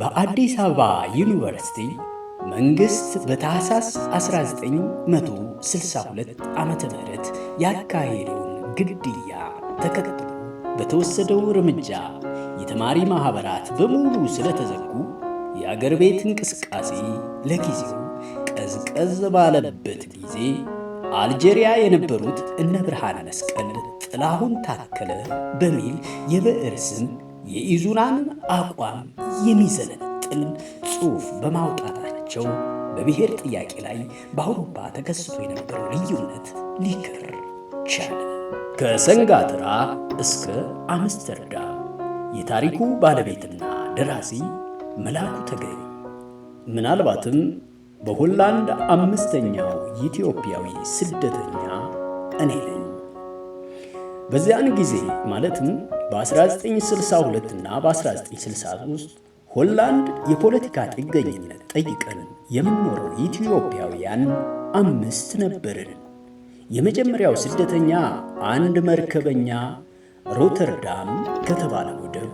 በአዲስ አበባ ዩኒቨርሲቲ መንግሥት በታህሳስ 1962 ዓ ምህረት ያካሄደውን ግድያ ተከትሎ በተወሰደው እርምጃ የተማሪ ማኅበራት በሙሉ ስለተዘጉ የአገር ቤት እንቅስቃሴ ለጊዜው ቀዝቀዝ ባለበት ጊዜ አልጄሪያ የነበሩት እነ ብርሃነ መስቀል፣ ጥላሁን ታከለ በሚል የብዕር ስም የኢዙናንን አቋም የሚዘነጥል ጽሑፍ በማውጣታቸው በብሔር ጥያቄ ላይ በአውሮፓ ተከስቶ የነበረው ልዩነት ሊክር ቻለ። ከሰንጋትራ እስከ አምስተርዳም የታሪኩ ባለቤትና ደራሲ መላኩ ተገኝ ምናልባትም በሆላንድ አምስተኛው ኢትዮጵያዊ ስደተኛ እኔ ነኝ። በዚያን ጊዜ ማለትም በ1962 እና በ 1963 ውስጥ ሆላንድ የፖለቲካ ጥገኝነት ጠይቀን የምንኖረው ኢትዮጵያውያን አምስት ነበርን። የመጀመሪያው ስደተኛ አንድ መርከበኛ ሮተርዳም ከተባለ ወደብ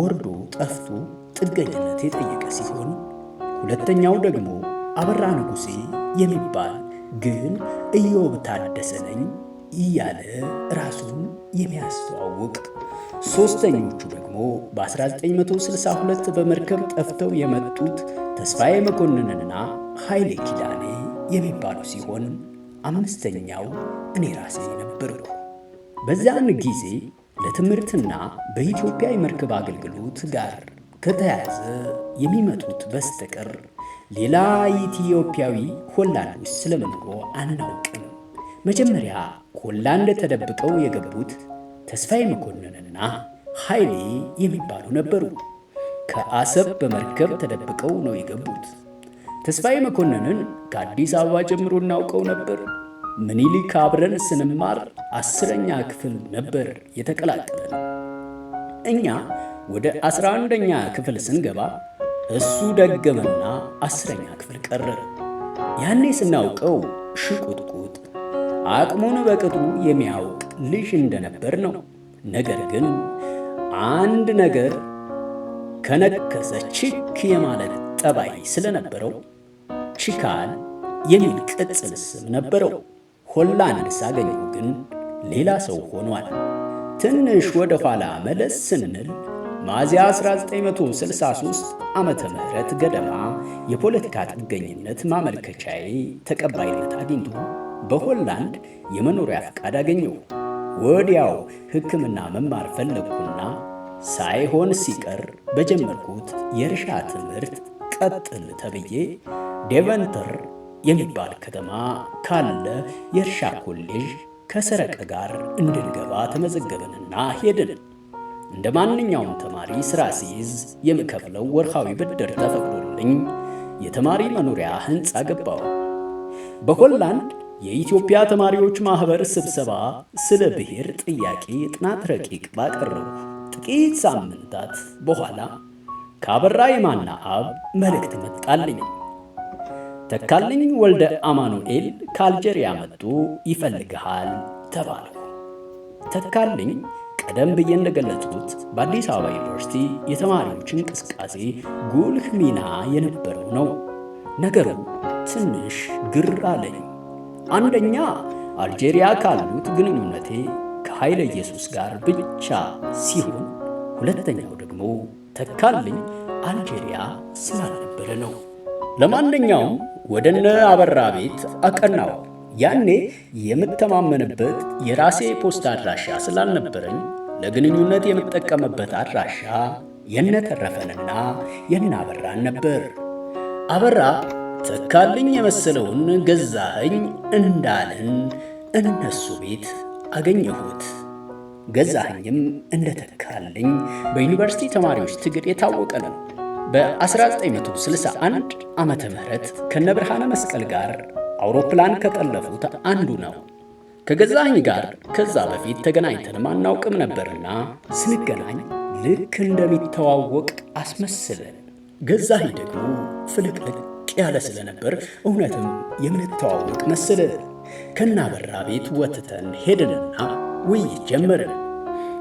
ወርዶ ጠፍቶ ጥገኝነት የጠየቀ ሲሆን ሁለተኛው ደግሞ አበራ ንጉሴ የሚባል ግን እዮብ ታደሰ ነኝ እያለ ራሱን የሚያስተዋውቅ ሶስተኞቹ ደግሞ በ1962 በመርከብ ጠፍተው የመጡት ተስፋዬ መኮንንና ኃይሌ ኪዳኔ የሚባሉ ሲሆን አምስተኛው እኔ ራሴ ነበርኩ። በዚያን ጊዜ ለትምህርትና በኢትዮጵያ የመርከብ አገልግሎት ጋር ከተያያዘ የሚመጡት በስተቀር ሌላ ኢትዮጵያዊ ሆላንዶች ስለመኖሩ አናውቅም። መጀመሪያ ሆላንድ ተደብቀው የገቡት ተስፋዬ መኮንንና ኃይሌ የሚባሉ ነበሩ። ከአሰብ በመርከብ ተደብቀው ነው የገቡት። ተስፋዬ መኮንንን ከአዲስ አበባ ጀምሮ እናውቀው ነበር። ምኒልክ አብረን ስንማር አስረኛ ክፍል ነበር የተቀላቀለን። እኛ ወደ አስራ አንደኛ ክፍል ስንገባ እሱ ደገመና አስረኛ ክፍል ቀረ። ያኔ ስናውቀው ሽቁጥቁጥ አቅሙን በቅጡ የሚያውቅ ልጅ እንደነበር ነው። ነገር ግን አንድ ነገር ከነከሰ ችክ የማለት ጠባይ ስለነበረው ችካል የሚል ቅጽል ስም ነበረው። ሆላንድ ሳገኘው ግን ሌላ ሰው ሆኗል። ትንሽ ወደ ኋላ መለስ ስንል ሚያዝያ 1963 ዓመተ ምህረት ገደማ የፖለቲካ ጥገኝነት ማመልከቻዬ ተቀባይነት አግኝቶ በሆላንድ የመኖሪያ ፈቃድ አገኘው! ወዲያው ሕክምና መማር ፈለግኩና ሳይሆን ሲቀር በጀመርኩት የእርሻ ትምህርት ቀጥል ተብዬ ዴቨንተር የሚባል ከተማ ካለ የእርሻ ኮሌጅ ከሰረቀ ጋር እንድንገባ ተመዘገብንና ሄድን። እንደ ማንኛውም ተማሪ ሥራ ሲይዝ የምከፍለው ወርሃዊ ብድር ተፈቅዶልኝ የተማሪ መኖሪያ ሕንፃ ገባው። በሆላንድ የኢትዮጵያ ተማሪዎች ማህበር ስብሰባ ስለ ብሔር ጥያቄ የጥናት ረቂቅ ባቀረቡ ጥቂት ሳምንታት በኋላ ከአበራ የማና አብ መልእክት መጣልኝ። ተካልኝ ወልደ አማኑኤል ከአልጀሪያ መጡ፣ ይፈልግሃል ተባልኩ። ተካልኝ ቀደም ብዬ እንደገለጹት በአዲስ አበባ ዩኒቨርሲቲ የተማሪዎች እንቅስቃሴ ጉልህ ሚና የነበረው ነው። ነገሩ ትንሽ ግር አለኝ። አንደኛ አልጄሪያ ካሉት ግንኙነቴ ከኃይለ ኢየሱስ ጋር ብቻ ሲሆን፣ ሁለተኛው ደግሞ ተካልኝ አልጄሪያ ስላልነበረ ነው። ለማንኛውም ወደ አበራ ቤት አቀናው። ያኔ የምተማመንበት የራሴ ፖስታ አድራሻ ስላልነበረኝ ለግንኙነት የምጠቀምበት አድራሻ የነተረፈንና የናበራን ነበር። አበራ ተካልኝ የመሰለውን ገዛኸኝ እንዳለን እነሱ ቤት አገኘሁት። ገዛኸኝም እንደተካልኝ በዩኒቨርሲቲ ተማሪዎች ትግል የታወቀ ነው። በ1961 ዓመተ ምህረት ከነብርሃነ መስቀል ጋር አውሮፕላን ከጠለፉት አንዱ ነው። ከገዛኸኝ ጋር ከዛ በፊት ተገናኝተንም አናውቅም ነበርና ስንገናኝ ልክ እንደሚተዋወቅ አስመስለን ገዛኸኝ ደግሞ ፍልቅልቅ ያለ ስለነበር እውነትም የምንተዋወቅ መሰለን። ከናበራ ቤት ወትተን ሄድንና ውይይት ጀመርን።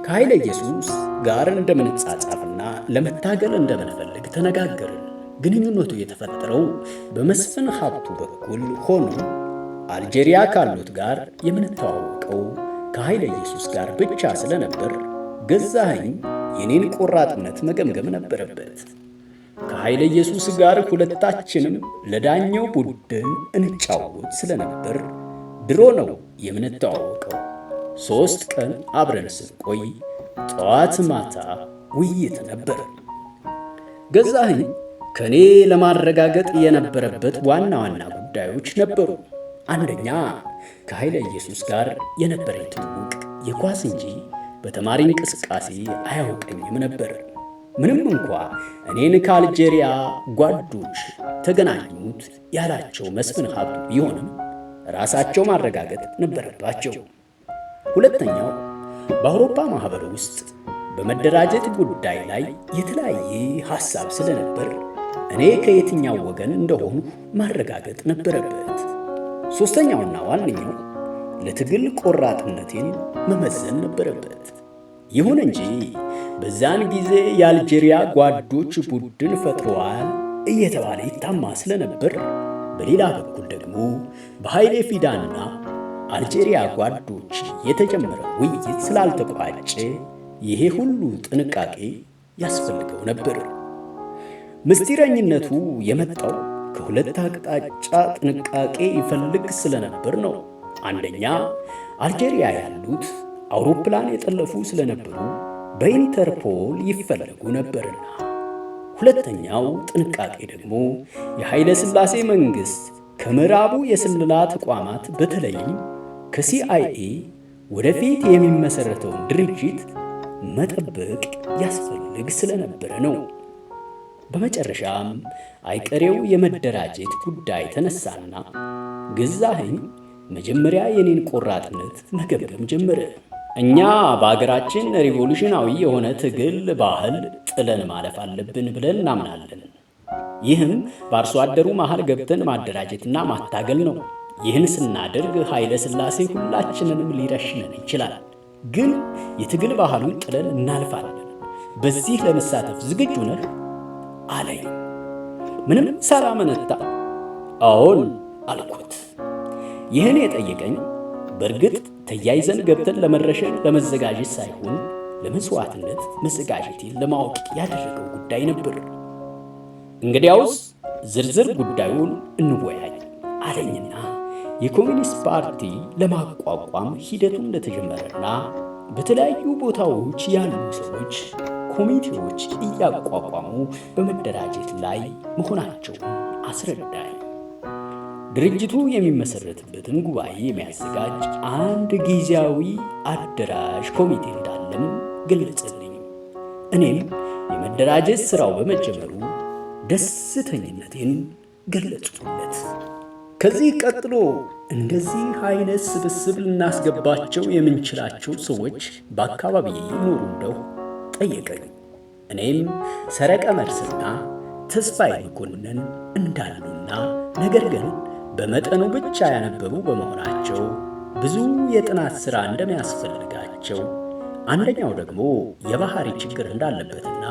ከኃይለ ኢየሱስ ጋር እንደምንጻጻፍና ለመታገል እንደምንፈልግ ተነጋገርን። ግንኙነቱ የተፈጠረው በመስፍን ሀብቱ በኩል ሆኖ አልጄሪያ ካሉት ጋር የምንተዋወቀው ከኃይለ ኢየሱስ ጋር ብቻ ስለነበር ገዛኸኝ የኔን ቆራጥነት መገምገም ነበረበት። ከኃይለ ኢየሱስ ጋር ሁለታችንም ለዳኘው ቡድን እንጫወት ስለነበር ድሮ ነው የምንተዋወቀው። ሦስት ቀን አብረን ስንቆይ ጠዋት ማታ ውይይት ነበር። ገዛኸኝ ከእኔ ለማረጋገጥ የነበረበት ዋና ዋና ጉዳዮች ነበሩ። አንደኛ ከኃይለ ኢየሱስ ጋር የነበረኝ ትውውቅ የኳስ እንጂ በተማሪ እንቅስቃሴ አያውቀኝም ነበር። ምንም እንኳ እኔን ከአልጄሪያ ጓዶች ተገናኙት ያላቸው መስፍን ሀብቱ ቢሆንም ራሳቸው ማረጋገጥ ነበረባቸው። ሁለተኛው በአውሮፓ ማኅበር ውስጥ በመደራጀት ጉዳይ ላይ የተለያየ ሐሳብ ስለነበር እኔ ከየትኛው ወገን እንደሆኑ ማረጋገጥ ነበረበት። ሦስተኛውና ዋነኛው ለትግል ቆራጥነቴን መመዘን ነበረበት። ይሁን እንጂ በዛን ጊዜ የአልጄሪያ ጓዶች ቡድን ፈጥረዋል እየተባለ ይታማ ስለነበር፣ በሌላ በኩል ደግሞ በኃይሌ ፊዳና አልጄሪያ ጓዶች የተጀመረ ውይይት ስላልተቋጨ ይሄ ሁሉ ጥንቃቄ ያስፈልገው ነበር። ምስጢረኝነቱ የመጣው ከሁለት አቅጣጫ ጥንቃቄ ይፈልግ ስለነበር ነው። አንደኛ አልጄሪያ ያሉት አውሮፕላን የጠለፉ ስለነበሩ በኢንተርፖል ይፈለጉ ነበርና። ሁለተኛው ጥንቃቄ ደግሞ የኃይለ ሥላሴ መንግሥት ከምዕራቡ የስልላ ተቋማት በተለይም ከሲአይኤ ወደፊት የሚመሠረተውን ድርጅት መጠበቅ ያስፈልግ ስለነበረ ነው። በመጨረሻም አይቀሬው የመደራጀት ጉዳይ ተነሳና ገዛኸኝ መጀመሪያ የኔን ቆራጥነት መገምገም ጀመረ። እኛ በአገራችን ሪቮሉሽናዊ የሆነ ትግል ባህል ጥለን ማለፍ አለብን ብለን እናምናለን። ይህም በአርሶ አደሩ መሃል ገብተን ማደራጀትና ማታገል ነው። ይህን ስናደርግ ኃይለ ሥላሴ ሁላችንንም ሊረሽነን ይችላል። ግን የትግል ባህሉን ጥለን እናልፋለን። በዚህ ለመሳተፍ ዝግጁ ነህ አለኝ። ምንም ሳላመነታ አዎን አልኩት። ይህን የጠየቀኝ በእርግጥ ተያይዘን ገብተን ለመረሸን ለመዘጋጀት ሳይሆን ለመሥዋዕትነት መዘጋጀቴን ለማወቅ ያደረገው ጉዳይ ነበር። እንግዲያውስ ዝርዝር ጉዳዩን እንወያይ አለኝና የኮሚኒስት ፓርቲ ለማቋቋም ሂደቱ እንደተጀመረና በተለያዩ ቦታዎች ያሉ ሰዎች ኮሚቴዎች እያቋቋሙ በመደራጀት ላይ መሆናቸውን አስረዳል። ድርጅቱ የሚመሰረትበትን ጉባኤ የሚያዘጋጅ አንድ ጊዜያዊ አደራሽ ኮሚቴ እንዳለም ገለጸልኝ። እኔም የመደራጀት ሥራው በመጀመሩ ደስተኝነቴን ገለጽኩለት። ከዚህ ቀጥሎ እንደዚህ አይነት ስብስብ ልናስገባቸው የምንችላቸው ሰዎች በአካባቢ ይኖሩ እንደው ጠየቀኝ። እኔም ሰረቀ መርስና ተስፋዬ መኮንን እንዳሉና ነገር ግን በመጠኑ ብቻ ያነበቡ በመሆናቸው ብዙ የጥናት ሥራ እንደሚያስፈልጋቸው፣ አንደኛው ደግሞ የባህሪ ችግር እንዳለበትና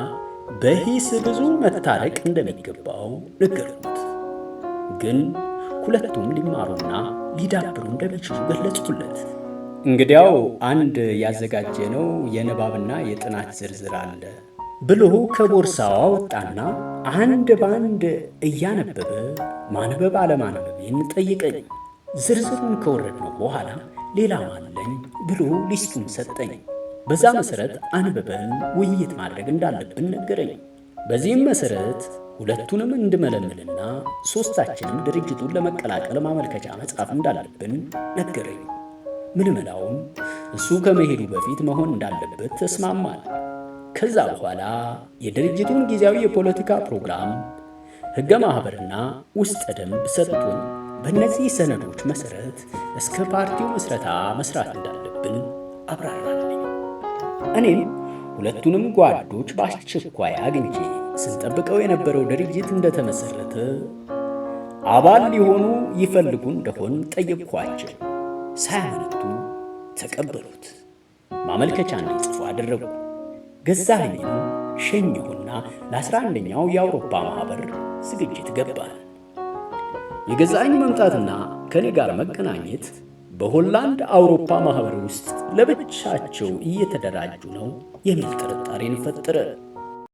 በሂስ ብዙ መታረቅ እንደሚገባው ነገሩት። ግን ሁለቱም ሊማሩና ሊዳብሩ እንደሚችሉ ገለጹለት። እንግዲያው አንድ ያዘጋጀነው የንባብና የጥናት ዝርዝር አለ። ብሎ ከቦርሳው አወጣና አንድ ባንድ እያነበበ ማንበብ አለማንበቤን ጠይቀኝ። ዝርዝሩን ከወረድነው በኋላ ሌላ ማለኝ ብሎ ሊስቱን ሰጠኝ። በዛ መሰረት አንብበን ውይይት ማድረግ እንዳለብን ነገረኝ። በዚህም መሰረት ሁለቱንም እንድመለምልና ሦስታችንም ድርጅቱን ለመቀላቀል ማመልከቻ መጻፍ እንዳለብን ነገረኝ። ምልመላውም እሱ ከመሄዱ በፊት መሆን እንዳለበት ተስማማል። ከዛ በኋላ የድርጅቱን ጊዜያዊ የፖለቲካ ፕሮግራም፣ ህገ ማኅበርና ውስጠ ደንብ ሰጡን። በእነዚህ ሰነዶች መሠረት እስከ ፓርቲው ምስረታ መስራት እንዳለብን አብራራልኝ። እኔም ሁለቱንም ጓዶች በአስቸኳይ አግኝቼ ስንጠብቀው የነበረው ድርጅት እንደተመሠረተ አባል ሊሆኑ ይፈልጉ እንደሆን ጠየቅኳቸው። ሳያመነቱ ተቀበሉት። ማመልከቻ እንዲጽፉ አደረጉ። ገዛኸኝ ሸኘሁና ለ11ኛው የአውሮፓ ማኅበር ዝግጅት ገባል። የገዛኝ መምጣትና ከእኔ ጋር መገናኘት በሆላንድ አውሮፓ ማኅበር ውስጥ ለብቻቸው እየተደራጁ ነው የሚል ጥርጣሬን ፈጠረ።